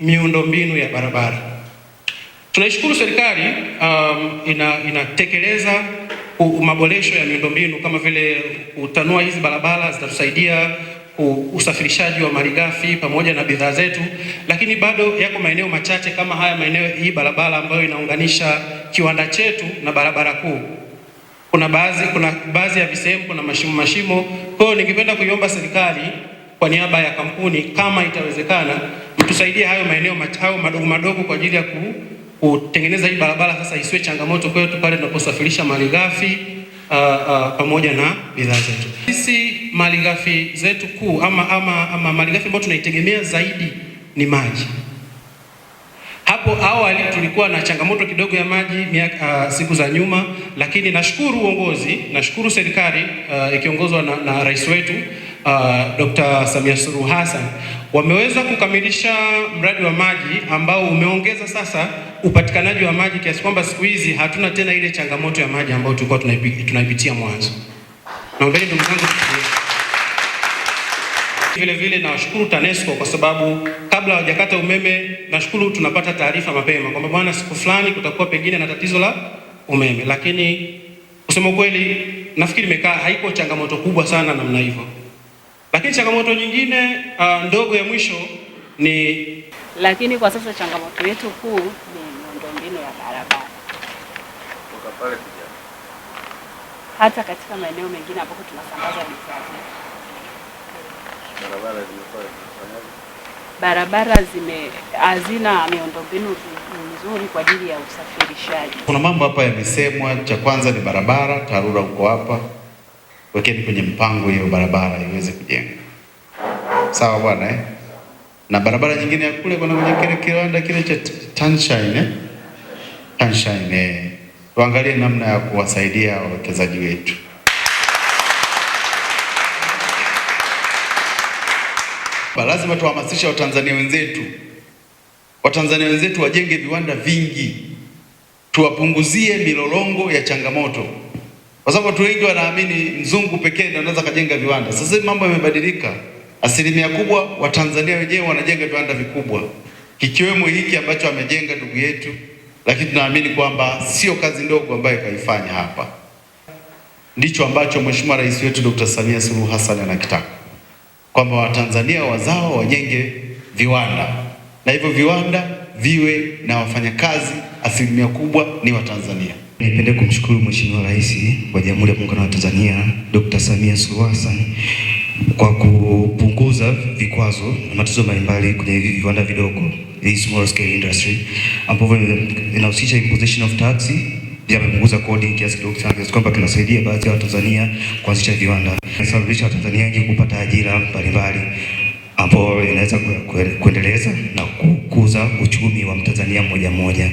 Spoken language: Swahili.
miundombinu ya barabara. Tunaishukuru serikali um, ina, inatekeleza maboresho ya miundombinu kama vile utanua hizi barabara zitatusaidia usafirishaji wa malighafi pamoja na bidhaa zetu, lakini bado yako maeneo machache kama haya maeneo, hii barabara ambayo inaunganisha kiwanda chetu na barabara kuu, kuna baadhi kuna baadhi ya visehemu kuna mashimo mashimo. Kwa hiyo ningependa kuiomba serikali kwa niaba ya kampuni, kama itawezekana tusaidie hayo maeneo hayo madogo madogo kwa ajili ya kutengeneza hii barabara sasa isiwe changamoto kwetu pale tunaposafirisha malighafi uh, uh, pamoja na bidhaa zetu. Sisi malighafi zetu kuu ama, ama, ama malighafi ambayo tunaitegemea zaidi ni maji. Hapo awali tulikuwa na changamoto kidogo ya maji miaka, uh, siku za nyuma, lakini nashukuru uongozi, nashukuru serikali uh, ikiongozwa na, na rais wetu uh, Dr. Samia Suluhu Hassan wameweza kukamilisha mradi wa maji ambao umeongeza sasa upatikanaji wa maji kiasi kwamba siku hizi hatuna tena ile changamoto ya maji ambayo tulikuwa tunaipitia mwanzo. Naombeni ndugu zangu vile vile nawashukuru TANESCO kwa sababu kabla hawajakata umeme, nashukuru tunapata taarifa mapema kwamba bwana, siku fulani kutakuwa pengine na tatizo la umeme, lakini kusema kweli nafikiri imekaa haiko changamoto kubwa sana namna hivyo. Lakini changamoto nyingine uh, ndogo ya mwisho ni lakini kwa sasa changamoto yetu kuu ni miundombinu ya barabara pale hata katika maeneo mengine ambapo tunasambaza bidhaa barabara barabara zime hazina miundombinu mizuri kwa ajili ya usafirishaji. Kuna mambo hapa yamesemwa, cha kwanza ni barabara, TARURA uko hapa wekeni kwenye mpango hiyo barabara iweze kujenga. Sawa bwana eh? Na barabara nyingine ya kule kuna kwenye kile kiwanda kile cha Tanshine eh? Tanshine eh. Tuangalie namna ya kuwasaidia wawekezaji wetu. Lazima tuhamasishe Watanzania wenzetu, Watanzania wenzetu wajenge viwanda vingi, tuwapunguzie milolongo ya changamoto kwa sababu watu wengi wanaamini mzungu pekee ndiye anaweza kujenga viwanda. Sasa hivi mambo yamebadilika, asilimia kubwa Watanzania wenyewe wanajenga viwanda vikubwa, kikiwemo hiki ambacho amejenga ndugu yetu, lakini tunaamini kwamba sio kazi ndogo ambayo kaifanya hapa. Ndicho ambacho Mheshimiwa Rais wetu Dr. Samia Suluhu Hassan anakitaka kwamba Watanzania wazao wajenge viwanda na hivyo viwanda viwe na wafanyakazi asilimia kubwa ni Watanzania. Nipende kumshukuru Mheshimiwa Rais wa Jamhuri ya Muungano wa Tanzania Dr. Samia Suluhu Hassan kwa kupunguza vikwazo na matatizo mbalimbali kwenye viwanda vidogo, hii small scale industry, ambapo inahusisha imposition of tax amepunguza kodi kiasi kidogo sana kiasi kwamba kinasaidia baadhi ya Watanzania kuanzisha viwanda, inasababisha Watanzania wengi kupata ajira mbalimbali ambapo inaweza kuendeleza na kukuza uchumi wa Mtanzania mmoja mmoja.